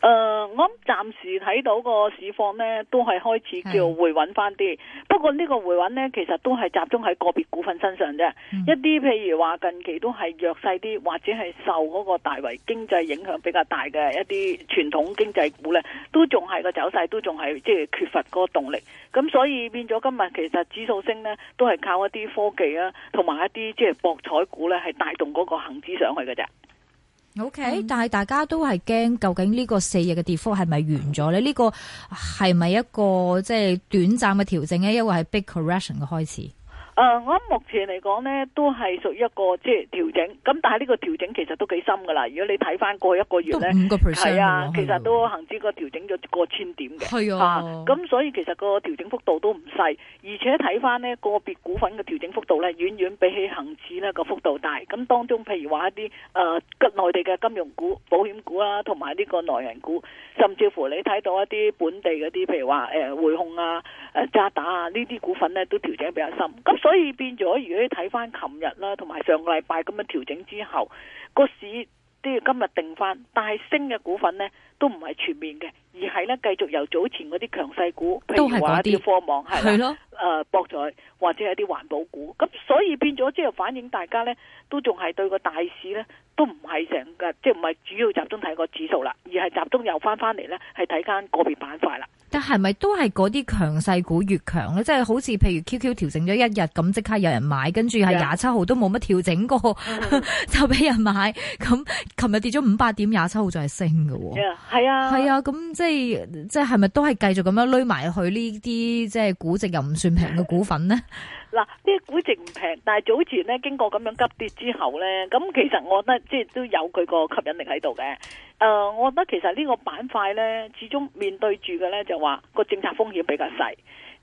誒、呃，我諗暫時睇到個市況呢，都係開始叫回穩翻啲。的不過呢個回穩呢，其實都係集中喺個別股份身上啫。嗯、一啲譬如話近期都係弱勢啲，或者係受嗰個大圍經濟影響比較大嘅一啲傳統經濟股呢，都仲係個走勢都仲係即係缺乏嗰個動力。咁所以變咗今日其實指數升呢，都係靠一啲科技啊，同埋一啲即係博彩股呢，係帶動嗰個恒指上去嘅啫。OK，但係大家都係驚，究竟呢個四日嘅跌幅係咪完咗咧？呢個係咪一個即係短暫嘅調整咧？因為係 big correction 嘅開始。誒，我、嗯、目前嚟講呢，都係屬於一個即係調整，咁但係呢個調整其實都幾深噶啦。如果你睇翻過去一個月呢，係啊，的其實都恒指個調整咗過千點嘅，吓的，咁、啊、所以其實個調整幅度都唔細，而且睇翻呢個別股份嘅調整幅度呢，遠遠比起恒指呢個幅度大。咁當中譬如話一啲誒，內、呃、地嘅金融股、保險股啦、啊，同埋呢個內銀股，甚至乎你睇到一啲本地嗰啲，譬如話誒匯控啊、誒、呃、渣打啊呢啲股份呢，都調整比較深。所以變咗，如果你睇翻琴日啦，同埋上個禮拜咁樣調整之後，個市都要今日定翻，但係升嘅股份呢，都唔係全面嘅，而係呢繼續由早前嗰啲強勢股，譬如話啲科網係，誒，博彩，或者係啲環保股。咁所以變咗，即係反映大家呢都仲係對個大市呢，都唔係成個，即係唔係主要集中睇個指數啦，而係集中又翻翻嚟呢，係睇翻個別板塊啦。但係咪都係嗰啲強勢股越強咧？即係好似譬如 QQ 調整咗一日咁，即刻有人買，跟住係廿七號都冇乜調整過，Yeah. 就俾人買。咁琴日跌咗五百點，廿七號就係升嘅。係啊，係啊、就是，咁即係即係，係咪都係繼續咁樣累埋去呢啲即係估值又唔算平嘅股份呢？嗱，啲估值唔平，但係早前呢經過咁樣急跌之後咧，咁其實我覺得即係都有佢個吸引力喺度嘅。誒、呃，我覺得其實呢個板塊呢，始終面對住嘅咧，就話個政策風險比較細。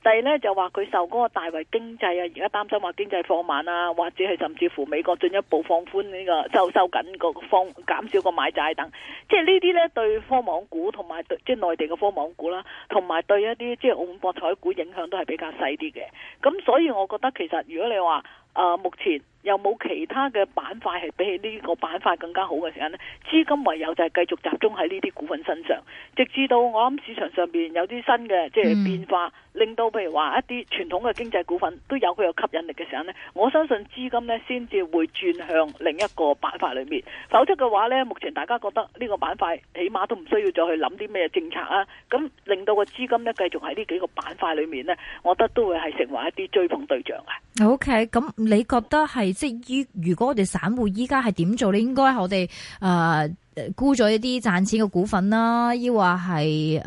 第二呢就話佢受嗰個大圍經濟啊，而家擔心話經濟放慢啊，或者係甚至乎美國進一步放寬呢、這個就收緊個放減少個買債等，即係呢啲咧對科網股同埋對即係內地嘅科網股啦，同埋對一啲即係澳門博彩股影響都係比較細啲嘅。咁所以我覺得其實如果你話，誒、呃，目前又冇其他嘅板塊係比起呢個板塊更加好嘅時間呢？資金唯有就係繼續集中喺呢啲股份身上，直至到我諗市場上邊有啲新嘅即係變化，嗯、令到譬如話一啲傳統嘅經濟股份都有佢嘅吸引力嘅時候咧，我相信資金咧先至會轉向另一個板塊裏面，否則嘅話咧，目前大家覺得呢個板塊起碼都唔需要再去諗啲咩政策啊，咁令到個資金咧繼續喺呢幾個板塊裏面呢，我覺得都會係成為一啲追捧對象嘅、啊。好嘅、okay，咁。你覺得係即係，如果我哋散戶依家係點做咧？應該我哋誒、呃、沽咗一啲賺錢嘅股份啦，抑或係誒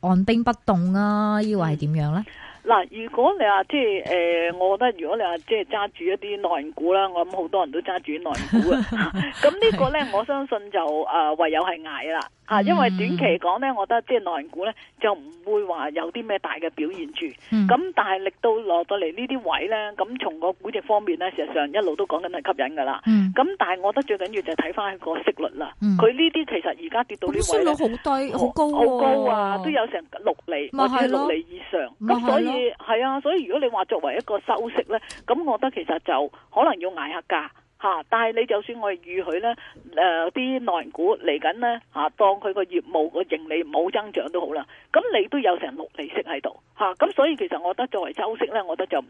按兵不動啊？抑或係點樣咧？嗱、嗯，如果你話即係誒、呃，我覺得如果你話即係揸住一啲內股啦，我諗好多人都揸住啲內股 啊。咁呢個咧，是的 我相信就誒、呃、唯有係挨啦。啊，因為短期講咧，我覺得即係內銀股咧就唔會話有啲咩大嘅表現住。咁但係力到落到嚟呢啲位咧，咁從個估值方面咧，事實上一路都講緊係吸引噶啦。咁但係我覺得最緊要就係睇翻個息率啦。佢呢啲其實而家跌到呢位咧，好低好高好高啊，都有成六厘或者六厘以上。咁所以係啊，所以如果你話作為一個收息咧，咁我覺得其實就可能要捱下價。啊、但係你就算我哋預佢呢誒啲內股嚟緊呢，嚇、呃啊，當佢個業務個盈利冇增長都好啦，咁你都有成六利息喺度。咁所以其實我覺得作為收息呢，我覺得就唔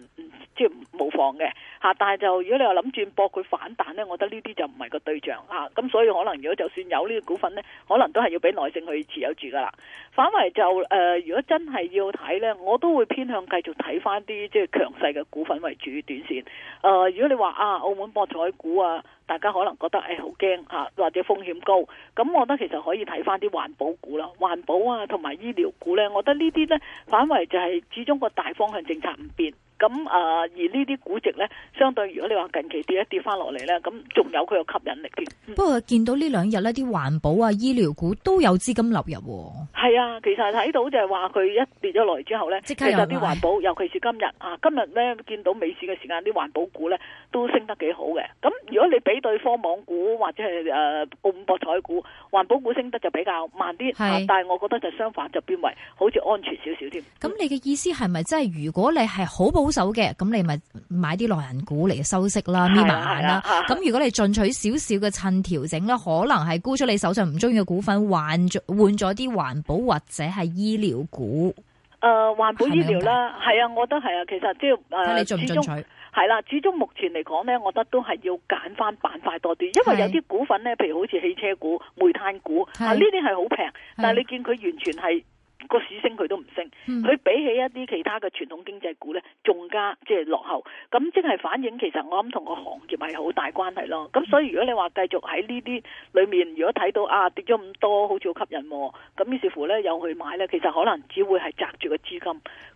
即係冇妨嘅。但係就如果你話諗轉博佢反彈呢，我覺得呢啲就唔係個對象。咁、啊、所以可能如果就算有呢個股份呢，可能都係要俾耐性去持有住噶啦。反為就誒、呃，如果真係要睇呢，我都會偏向繼續睇翻啲即係強勢嘅股份為主短線。誒、呃，如果你話啊，澳門博彩股啊，大家可能覺得誒好驚吓，或者風險高，咁我覺得其實可以睇翻啲環保股啦，環保啊同埋醫療股咧，我覺得這些呢啲咧反為就係始終個大方向政策唔變。咁啊，而呢啲估值咧，相對如果你話近期跌一跌翻落嚟咧，咁仲有佢有吸引力嘅。不過見到呢兩日呢啲環保啊、醫療股都有資金流入。係啊，其實睇到就係話佢一跌咗落嚟之後咧，即刻有啲環保，尤其是今日啊，今日咧見到尾市嘅時間啲環保股咧都升得幾好嘅。咁如果你比對科網股或者係誒澳五博彩股，環保股升得就比較慢啲。是但係我覺得就相反，就變為好似安全少少添。咁你嘅意思係咪真係如果你係好保？手嘅，咁你咪買啲耐人股嚟收息啦，咪埋眼啦。咁，啊啊啊啊、如果你進取少少嘅趁調整咧，可能係沽出你手上唔中意嘅股份，換咗換咗啲環保或者係醫療股。誒、呃，環保醫療啦，係啊，我覺得係啊。其實即係誒，呃、你進唔進取係啦，啊。始終目前嚟講咧，我覺得都係要揀翻板塊多啲，因為有啲股份咧，譬如好似汽車股、煤炭股啊，呢啲係好平，啊，但係你見佢完全係。個市升佢都唔升，佢比起一啲其他嘅傳統經濟股咧，仲加即係、就是、落後。咁即係反映其實我諗同個行業係好大關係咯。咁所以如果你話繼續喺呢啲裡面，如果睇到啊跌咗咁多，好似好吸引、哦，咁於是乎咧又去買咧，其實可能只會係揸住個資金。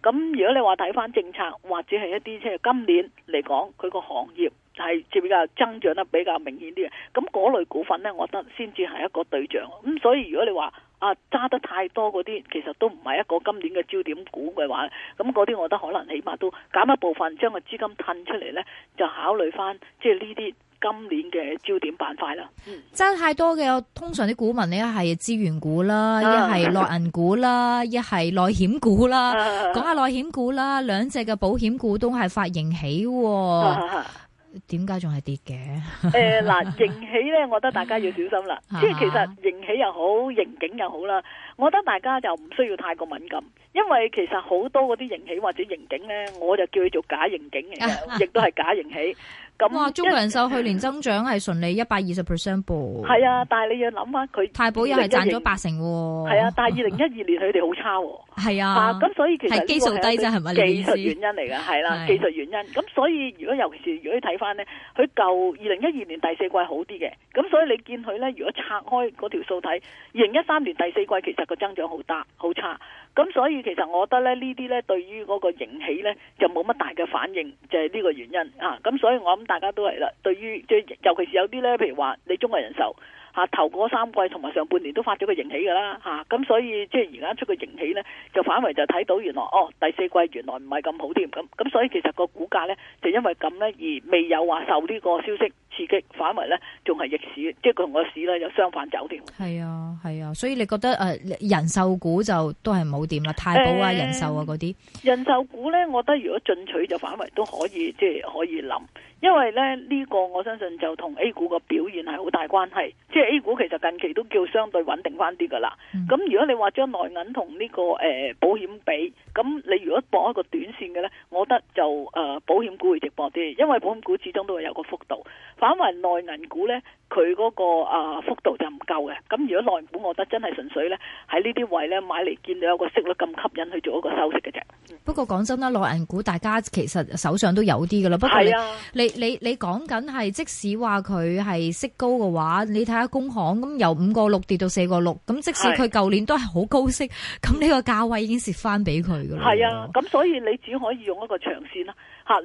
咁如果你話睇翻政策或者係一啲即係今年嚟講，佢個行業係比較增長得比較明顯啲嘅，咁嗰類股份咧，我覺得先至係一個對象。咁所以如果你話，啊！揸得太多嗰啲，其實都唔係一個今年嘅焦點股嘅話，咁嗰啲，我覺得可能起碼都減一部分，將個資金褪出嚟呢，就考慮翻即係呢啲今年嘅焦點板塊啦。揸、嗯、太多嘅，通常啲股民呢一係資源股啦，一係內銀股啦，一係內險股啦。講下 內險股啦， 兩隻嘅保險股都係發型起喎。 點解仲係跌嘅？誒、 呃，嗱，型起咧，我覺得大家要小心啦。即係其實型起又好，型警又好啦。我覺得大家就唔需要太過敏感，因為其實好多嗰啲型起或者型警咧，我就叫佢做假型警嚟嘅，亦都係假型起。 咁啊，中國人壽去年增長係順利一百二十 percent 噃？係啊，但係你要諗下佢太保又係賺咗八成喎。係啊，但係二零一二年佢哋好差喎。係啊，咁所以其實基數低啫，係咪？技術原因嚟噶，係啦，技術原因。咁所以如果尤其是如果你睇翻咧，佢舊二零一二年第四季好啲嘅，咁所以你見佢咧，如果拆開嗰條數睇，二零一三年第四季其實個增長好大，好差。咁所以其實我覺得咧，這些呢啲咧對於嗰個盈喜咧就冇乜大嘅反應，就係、是、呢個原因啊。咁所以我諗大家都係啦，對於即係尤其是有啲咧，譬如話你中國人壽，吓、啊、頭嗰三季同埋上半年都發咗個盈喜噶啦，吓、啊、咁、啊、所以即係而家出個盈喜咧，就反為就睇到原來哦第四季原來唔係咁好添咁，咁、啊、所以其實個股價咧就因為咁咧而未有話受呢個消息刺激，反為咧仲係逆市，即係佢同個市咧有相反走嘅。係啊係啊，所以你覺得誒、呃、人壽股就都係冇掂啦，太保啊、欸、人壽啊嗰啲。人壽股咧，我覺得如果進取就反為都可以，即、就、係、是、可以諗。因為咧呢、這個我相信就同 A 股嘅表現係好大關係，即、就、係、是、A 股其實近期都叫相對穩定翻啲噶啦。咁、嗯、如果你話將內銀同呢個誒、呃、保險比，咁你如果搏一個短線嘅呢，我覺得就誒、呃、保險股會直播啲，因為保險股始終都會有個幅度。反而內銀股咧，佢嗰個啊幅度就唔夠嘅。咁如果內股，我覺得真係純粹咧喺呢啲位咧買嚟，見到有個息率咁吸引去做一個收息嘅啫。不過講真啦，內銀股大家其實手上都有啲嘅啦。不過你係啊你你你講緊係即使話佢係息高嘅話，你睇下工行咁由五個六跌到四個六，咁即使佢舊年都係好高息，咁呢個價位已經蝕返俾佢嘅啦。係啊，咁所以你只可以用一個長線啦。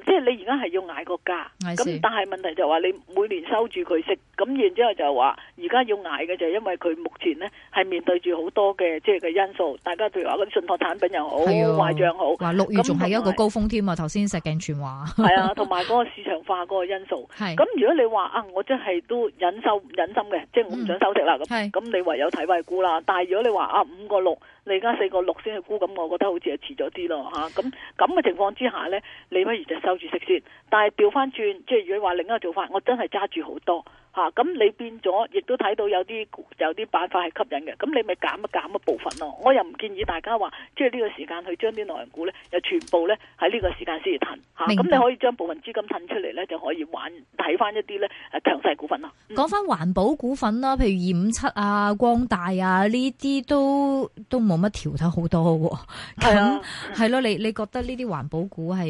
即係你而家係要捱個價，咁的但係問題就話你每年收住佢息，咁然之後就話而家要捱嘅就係因為佢目前咧係面對住好多嘅即係嘅因素，大家譬如話嗰啲信託產品又好，的壞帳好，六月仲係一個高峰添啊！頭先那有石鏡泉話，係啊，同埋嗰個市場化嗰個因素，咁 如果你話啊，我真係都忍受忍心嘅，即、就、係、是、我唔想收息啦咁，咁、嗯、你唯有睇位估啦。但係如果你話啊，五個六。你而家四個六先去沽，咁我覺得好似係遲咗啲咯，吓，咁咁嘅情況之下咧，你不如就收住息先。但係掉返轉，即係如果你話另一個做法，我真係揸住好多。吓咁、啊、你變咗，亦都睇到有啲有啲辦法係吸引嘅，咁你咪減一減一部分咯。我又唔建議大家話，即係呢個時間去將啲內容股咧，又全部咧喺呢個時間先嚟騰嚇。咁你可以將部分資金騰出嚟咧，就可以玩睇翻一啲咧誒強勢股份囉。講翻環保股份啦，譬如二五七啊、光大啊呢啲都都冇乜調頭好多喎、啊。咁係咯，你你覺得呢啲環保股係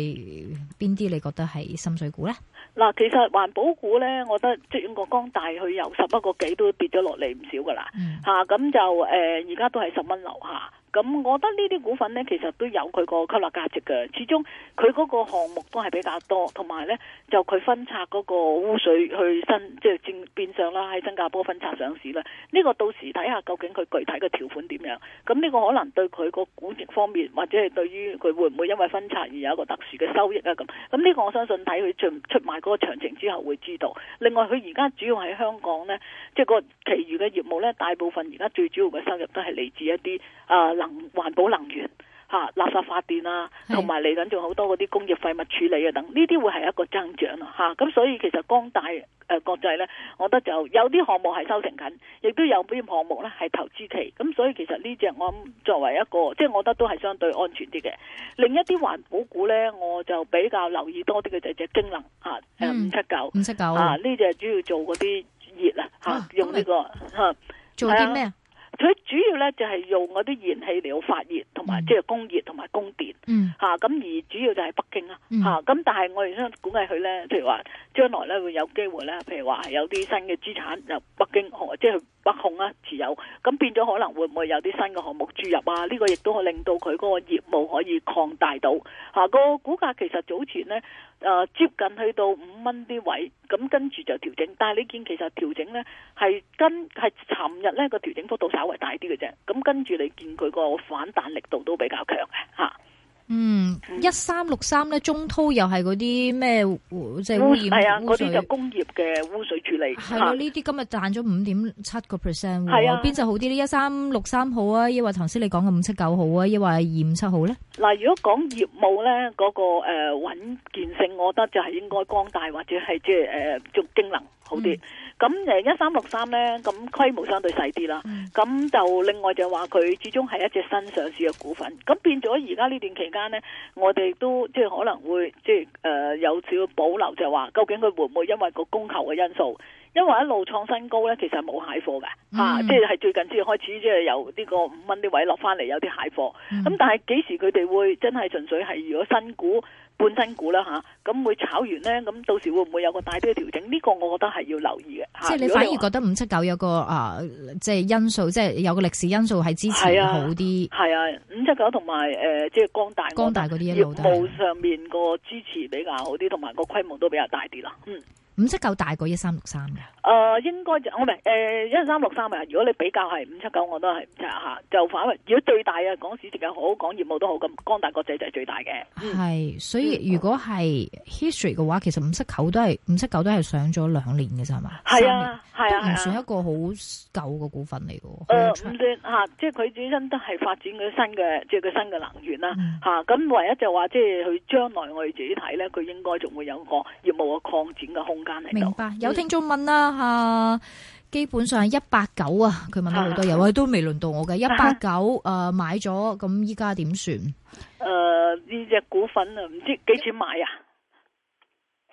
邊啲？你覺得係深水股咧？嗱，其實環保股咧，我覺得中國光大佢由十一個幾都跌咗落嚟唔少噶啦，吓、mm. 啊，咁就誒而家都係十蚊樓下。咁，我覺得呢啲股份呢，其實都有佢個吸納價值嘅。始終佢嗰個項目都係比較多，同埋呢就佢分拆嗰個污水去新即係、正、變相啦，喺新加坡分拆上市啦。呢、呢個到時睇下究竟佢具體嘅條款點樣。咁呢個可能對佢個估值方面，或者係對於佢會唔會因為分拆而有一個特殊嘅收益啊。咁咁呢個我相信睇佢出賣嗰個詳情之後會知道。另外，佢而家主要喺香港呢，即係個其餘嘅業務呢，大部分而家最主要嘅收入都係嚟自一啲啊。環保能源吓、啊，垃圾發電啊，同埋嚟緊仲好多嗰啲工業廢物處理啊等，等，呢啲會係一個增長啊吓，咁所以其實光大誒、呃、國際咧，我覺得就有啲項目係收成緊，亦都有啲項目咧係投資期，咁、啊、所以其實呢隻我諗作為一個，即、就、係、是、我覺得都係相對安全啲嘅。另一啲環保股咧，我就比較留意多啲嘅就隻京能吓，啊嗯啊、五七九，五七九吓，呢、這、隻、個、主要做嗰啲熱啊吓，啊用呢、這個吓，你啊、做啲咩？啊佢主要咧就係用嗰啲燃氣嚟到發熱，同埋即係供熱同埋供電，吓咁、mm. 而主要就係北京啦，吓咁、mm. 但係我而家估計佢咧，譬如話將來咧會有機會咧，譬如話係有啲新嘅資產由北京即係、就是、北控啊持有，咁變咗可能會唔會有啲新嘅項目注入啊？呢、這個亦都可令到佢嗰個業務可以擴大到，吓、那個股價其實早前咧。誒接近去到五蚊啲位，咁跟住就調整，但係你見其實調整咧係跟係尋日咧個調整幅度稍微大啲嘅啫，咁跟住你見佢個反彈力度都比較強嘅吓嗯，一三六三咧，中滔又係嗰啲咩即係污染、啊、污水、嗰啲就工業嘅污水處理，係啊，呢啲今日賺咗五點七個 percent。係啊，邊就好啲呢？一三六三好啊，抑或頭先你講嘅五七九好啊，抑或二五七好咧？嗱，如果講業務咧，嗰、那個誒穩、呃、健性，我覺得就係應該光大或者係即係誒做京能好啲。嗯。咁誒一三六三咧，咁規模相對細啲啦。咁、嗯、就另外就話佢始終係一隻新上市嘅股份。咁變咗而家呢段期間咧，我哋都即係、就是、可能會即係、就是呃、有少少保留就，就係話究竟佢會唔會因為個供求嘅因素，因為一路創新高咧，其實冇蟹貨嘅吓，即係最近先開始即係由呢個五蚊啲位落翻嚟有啲蟹貨。咁、嗯、但係幾時佢哋會真係純粹係如果新股？半新股啦吓，咁會炒完咧，咁到時會唔會有個大啲嘅調整？呢、這個我覺得係要留意嘅。即係你反而覺得五七九有個啊，即、呃、係、就是、因素，即、就、係、是、有個歷史因素係支持好啲。係啊，啊，五七九同埋誒，即係光大、光大嗰啲一路都係。業務上面個支持比較好啲，同埋個規模都比較大啲啦。嗯。五七九大過一三六三嘅，誒、呃，應該就我係誒一三六三啊。呃、63，如果你比較係五七九，我都係唔出吓，就反為如果最大嘅，講市值又好，講業務都好咁，光大國際就係最大嘅。係，所以如果係 history 嘅話，其實五七九都係五七九都係上咗兩年嘅，咋係嘛？係啊，係啊，唔算一個好舊嘅股份嚟嘅。誒、啊，唔算吓，即係佢本身都係發展佢新嘅，即係佢新嘅能源啦吓。咁、嗯啊、唯一就話即係佢將來我哋自己睇咧，佢應該仲會有個業務嘅擴展嘅空間。明白，有聽眾問啦吓，基本上一八九啊，佢問咗好多嘢，都未輪到我嘅一八九，誒買咗，咁依家點算？誒呢隻股份啊，唔知幾錢買啊？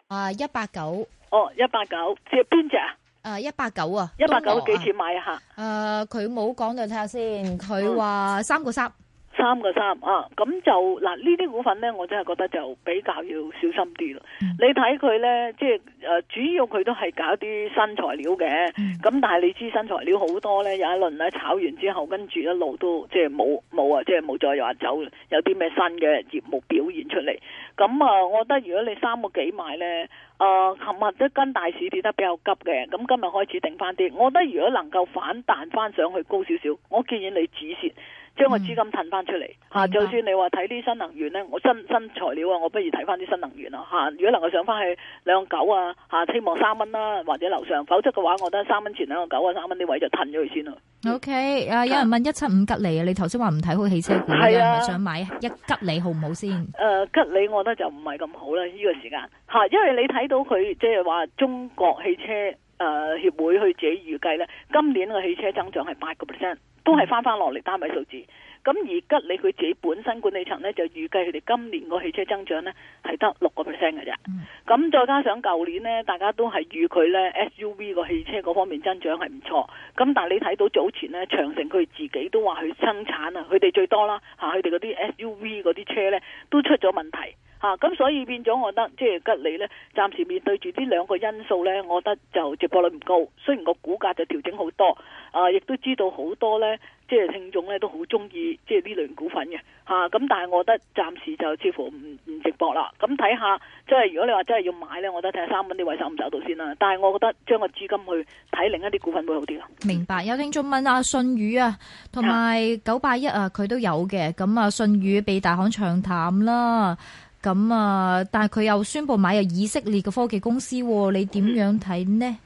啊一八九，哦一八九，邊隻啊？誒一八九啊，一八九幾錢買啊？吓？誒佢冇講，你睇下先，佢話三個三。三個三啊，咁就嗱呢啲股份呢，我真係覺得就比較要小心啲咯。嗯、你睇佢呢，即、就、係、是呃、主要佢都係搞啲新材料嘅，咁、嗯、但係你知新材料好多呢，有一輪呢炒完之後，跟住一路都即係冇冇啊，即係冇再有人走有啲咩新嘅業務表現出嚟。咁啊、呃，我覺得如果你三個幾買呢，啊、呃，琴日都跟大市跌得比較急嘅，咁今日開始定翻啲。我覺得如果能夠反彈翻上去高少少，我建議你止蝕。將個資金褪翻出嚟，吓白！就算你話睇啲新能源咧，我新新材料啊，我不如睇翻啲新能源啊，吓！如果能夠上翻去兩九啊，吓，希望三蚊啦，啊，或者樓上，否則嘅話，我覺得三蚊前兩九啊，三蚊啲位就褪咗佢先咯。O K，誒，uh, 有人問一七五吉利啊，你頭先話唔睇好汽車股嘅，uh, 想買一吉利好唔好先？誒，uh, 吉利我覺得就唔係咁好啦，呢、這個時間吓，因為你睇到佢即係話中國汽車誒協會去自己預計咧，今年嘅汽車增長係八個 percent。都係翻翻落嚟單位數字，咁而吉利佢自己本身管理層咧就預計佢哋今年個汽車增長咧係得六個 percent 嘅啫，咁再加上舊年咧大家都係預佢咧 SUV 個汽車嗰方面增長係唔錯，咁但係你睇到早前咧長城佢自己都話佢生產啊，佢哋最多啦嚇，佢哋嗰啲 SUV 嗰啲車咧都出咗問題。咁、啊、所以變咗，我覺得即係吉利呢，暫時面對住呢兩個因素呢，我覺得就直播率唔高。雖然個股價就調整好多，啊，亦都知道好多呢，即係聽眾呢都好中意即係呢類股份嘅咁、啊、但係我覺得暫時就似乎唔唔直播啦。咁睇下，即係如果你話真係要買呢，我覺得睇下三蚊啲位收唔收到先啦。但係我覺得將個資金去睇另一啲股份會好啲咯。明白，有聽眾問阿、啊、信宇啊，同埋九八一啊，佢都有嘅。咁啊，信宇被大行唱淡啦。咁啊、嗯！但係佢又宣布買入以色列嘅科技公司，你點樣睇呢？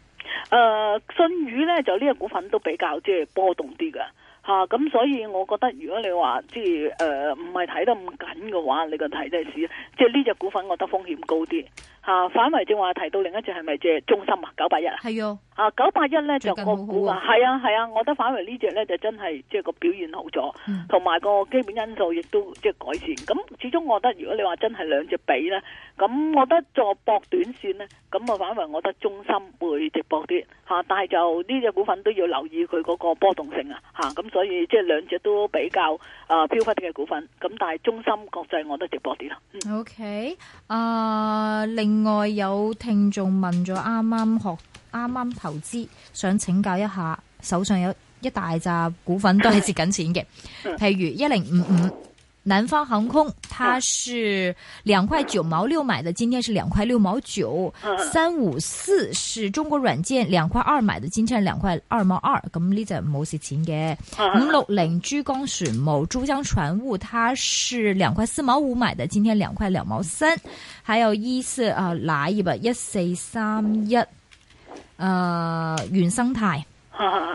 誒、嗯啊，信宇呢，就呢個股份都比較即係、就是、波動啲噶。吓咁、啊、所以，我覺得如果你話即係誒唔係睇得咁緊嘅話，你看是、就是、這個睇都係市。即係呢隻股份，我覺得風險高啲。嚇、啊、反為正話提到另一隻係咪即中心啊？九八一啊？係最近 啊！嚇九八一咧就個股啊，係啊係啊，我覺得反為呢隻咧就真係即係個表現好咗，同埋、嗯、個基本因素亦都即係、就是、改善。咁始終我覺得如果你話真係兩隻比咧，咁我覺得作搏短線咧，咁我反為我覺得中心會直搏啲嚇。但係就呢隻股份都要留意佢嗰個波動性啊嚇咁。所以即係兩隻都比較啊、呃、飄忽啲嘅股份，咁但係中芯國際我都直播啲啦。嗯、o、okay, k 啊，另外有聽眾問咗啱啱學啱啱投資，想請教一下，手上有一大紮股份都係蝕緊錢嘅，譬 如一零五五，南方航空，它是兩塊九毛六買的，今天是兩塊六毛九。三五四是中國軟件，兩塊二買的，今天兩塊二毛二，咁呢隻冇蝕錢嘅。五六零珠江船務，珠江船務它是兩塊四毛五買的，今天兩塊兩毛三。還有一四啊，拿一把一四三一，呃，原生態。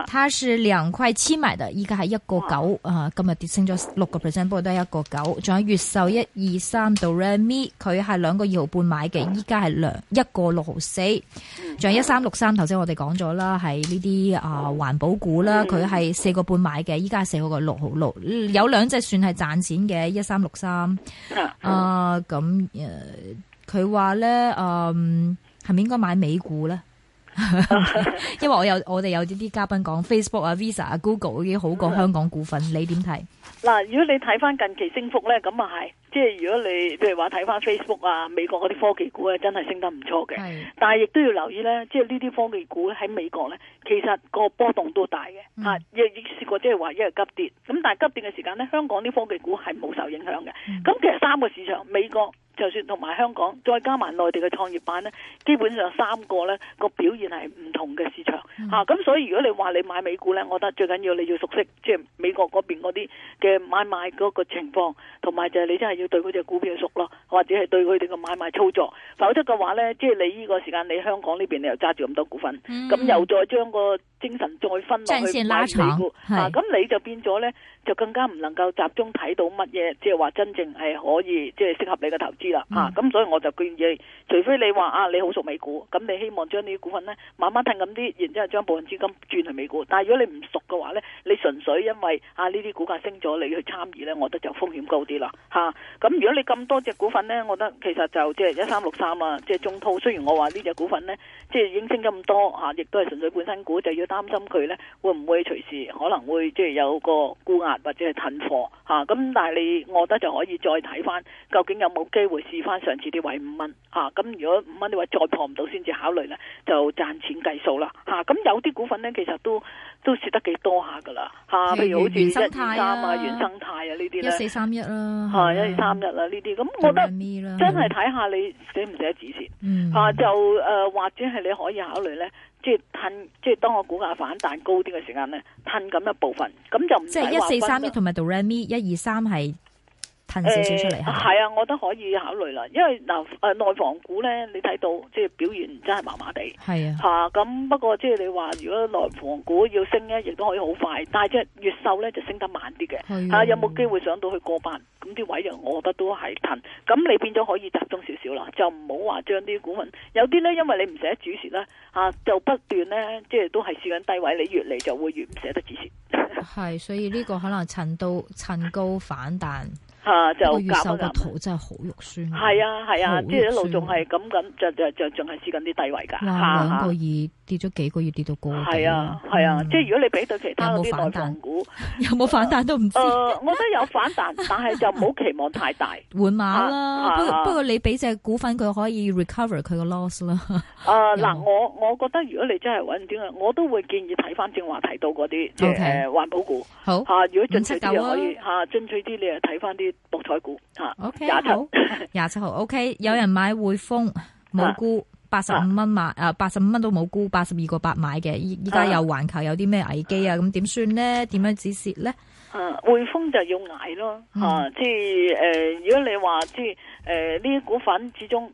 它是兩塊七買，的，依家係一個九啊、呃，今日跌升咗六個 percent，不過都係一個九。仲有越秀一二三度 Redmi 佢係兩個二毫半買嘅，依家係兩一個六毫四。仲有一三六三，頭先我哋講咗啦，係呢啲啊環保股啦，佢係四個半買嘅，依家係四個個六毫六。有兩隻算係賺錢嘅，一三六三啊，咁、呃、誒，佢話咧，嗯、呃，係咪應該買美股咧？ 因為我有我哋有啲啲嘉賓講 Facebook 啊 Visa 啊 Google 已經好過香港股份，你點睇？嗱，如果你睇翻近期升幅咧，咁啊係。即係如果你譬如話睇翻 Facebook 啊，美國嗰啲科技股咧，真係升得唔錯嘅。的但係亦都要留意咧，即係呢啲科技股喺美國咧，其實個波動都大嘅嚇。亦亦、嗯啊、試過即係話一日急跌，咁但係急跌嘅時間咧，香港啲科技股係冇受影響嘅。咁、嗯、其實三個市場，美國就算同埋香港，再加埋內地嘅創業板咧，基本上三個咧，個表現係唔同嘅市場，咁、嗯啊、所以如果你話你買美股咧，我覺得最緊要你要熟悉即係美國嗰邊嗰啲嘅買賣嗰個情況，同埋就係你真係。要對佢隻股票熟咯，或者係對佢哋嘅買賣操作，否則嘅話咧，即係你依個時間你香港呢邊，你又揸住咁多股份，咁、嗯、又再將個精神再分落去買美股，啊，咁你就變咗咧。就更加唔能夠集中睇到乜嘢，即係話真正係可以即係、就是、適合你嘅投資啦嚇。咁、嗯啊、所以我就建議，除非你話啊，你好熟美股，咁你希望將呢啲股份呢慢慢吞褪咁啲，然之後將部分資金轉去美股。但係如果你唔熟嘅話呢，你純粹因為啊呢啲股價升咗，你去參與呢，我覺得就風險高啲啦嚇。咁、啊、如果你咁多隻股份呢，我覺得其實就即係一三六三啊，即、就、係、是、中滔。雖然我話呢隻股份呢，即係已經升咁多嚇，亦、啊、都係純粹本身股，就要擔心佢呢會唔會隨時可能會即係、就是、有個估。或者係囤貨嚇，咁、啊、但係你我覺得就可以再睇翻，究竟有冇機會試翻上，上次啲位五蚊嚇，咁、啊、如果五蚊啲位再破唔到，先至考慮咧，就賺錢計數啦嚇。咁、啊啊啊、有啲股份咧，其實都都蝕得幾多下噶啦嚇，譬、啊、如好似一二三啊、原生態啊呢啲咧，一四三一啦嚇，一二三一啦呢啲，咁、啊、對我覺得真係睇下你捨唔捨得止蝕就誒、呃、或者係你可以考慮咧。即係褪，即係當我股價反彈高啲嘅時間咧，褪咁一部分，咁就唔使話分啦。即係一四三呢，同埋哆唻咪一二三係。誒，係、欸、啊，我覺得可以考慮啦，因為嗱，誒、呃、內房股咧，你睇到即係表現真係麻麻地，係啊，吓咁、啊、不過即係你話如果內房股要升咧，亦都可以好快，但係即係越秀咧就升得慢啲嘅，係、哎呦啊、有冇機會上到去過百？咁啲位又我覺得都係趁，咁你變咗可以集中少少啦，就唔好話將啲股份，有啲咧因為你唔捨得止蝕啦，吓、啊、就不斷咧即係都係試緊低位，你越嚟就會越唔捨得止蝕。係，所以呢個可能趁到趁 高反彈。吓，就月收個圖真係好肉酸，係啊係啊，即係一路仲係咁咁，就就就仲係試緊啲低位噶。哇，兩個月跌咗幾個月跌到高。係啊係啊，即係如果你俾到其他嗰啲反彈股，有冇反彈都唔知。誒，我覺得有反彈，但係就冇期望太大。換碼啦，不過你俾隻股份佢可以 recover 佢個 loss 啦。誒，嗱，我我覺得如果你真係穩啲啊，我都會建議睇翻正話提到嗰啲即係環保股。好吓，如果進取啲啊可以吓，進取啲你又睇翻啲。博彩股，吓 Okay,，廿七號，廿七號，OK，有人買匯豐冇沽，八十五蚊買，啊，八十五蚊都冇沽，八十二個八買嘅，依依家又環球有啲咩危機啊？咁點算咧？點樣止蝕咧？啊，匯豐、啊、就要挨咯，啊，即係誒，如果你話即係誒，呢、呃、啲股份始終。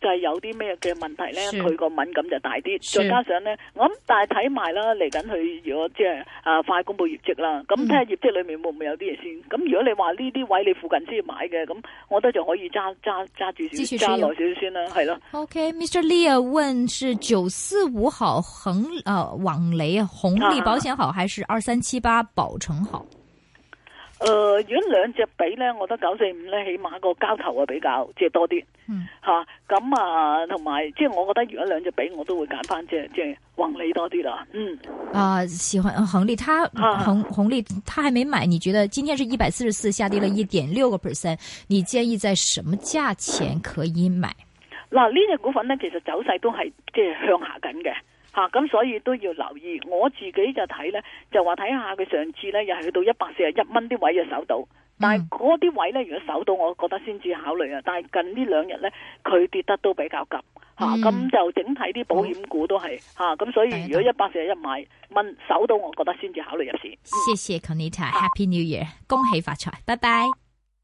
就係有啲咩嘅問題咧，佢個是敏感就大啲。是再加上咧，我諗但係睇埋啦，嚟緊佢如果即係啊快公布業績啦，咁睇下業績裏面會唔會有啲嘢先。咁、嗯、如果你話呢啲位你附近先買嘅，咁我覺得就可以揸揸揸住少揸耐少少先啦，係咯。O、okay, K，Mr. Lee 問是九四五好，恒啊宏利紅利保險好，啊、還是二三七八保誠好？誒、呃，如果兩隻比咧，我覺得九四五咧起碼個交投啊比較即係多啲，吓咁、嗯、啊，同、嗯、埋即係我覺得如果兩隻比，我都會揀翻即係即係宏利多啲啦。嗯、啊、呃，喜歡宏利，他宏宏、啊、利他還沒買，你覺得今天是一百四十四下跌了一點六個 percent，你建議在什麼價錢可以買？嗱、嗯，呢、啊、隻、這個、股份咧其實走勢都係即係向下緊嘅。嚇！咁、啊、所以都要留意，我自己就睇呢，就話睇下佢上次呢，又係去到一百四十一蚊啲位就守到，嗯、但係嗰啲位呢，如果守到，我覺得先至考慮啊。但係近呢兩日呢，佢跌得都比較急嚇，咁、啊嗯啊、就整體啲保險股都係嚇，咁、嗯啊、所以如果一百四十一買蚊守到，我覺得先至考慮入市。嗯、謝謝、嗯、Conita，Happy New Year、啊、恭喜發財，拜拜。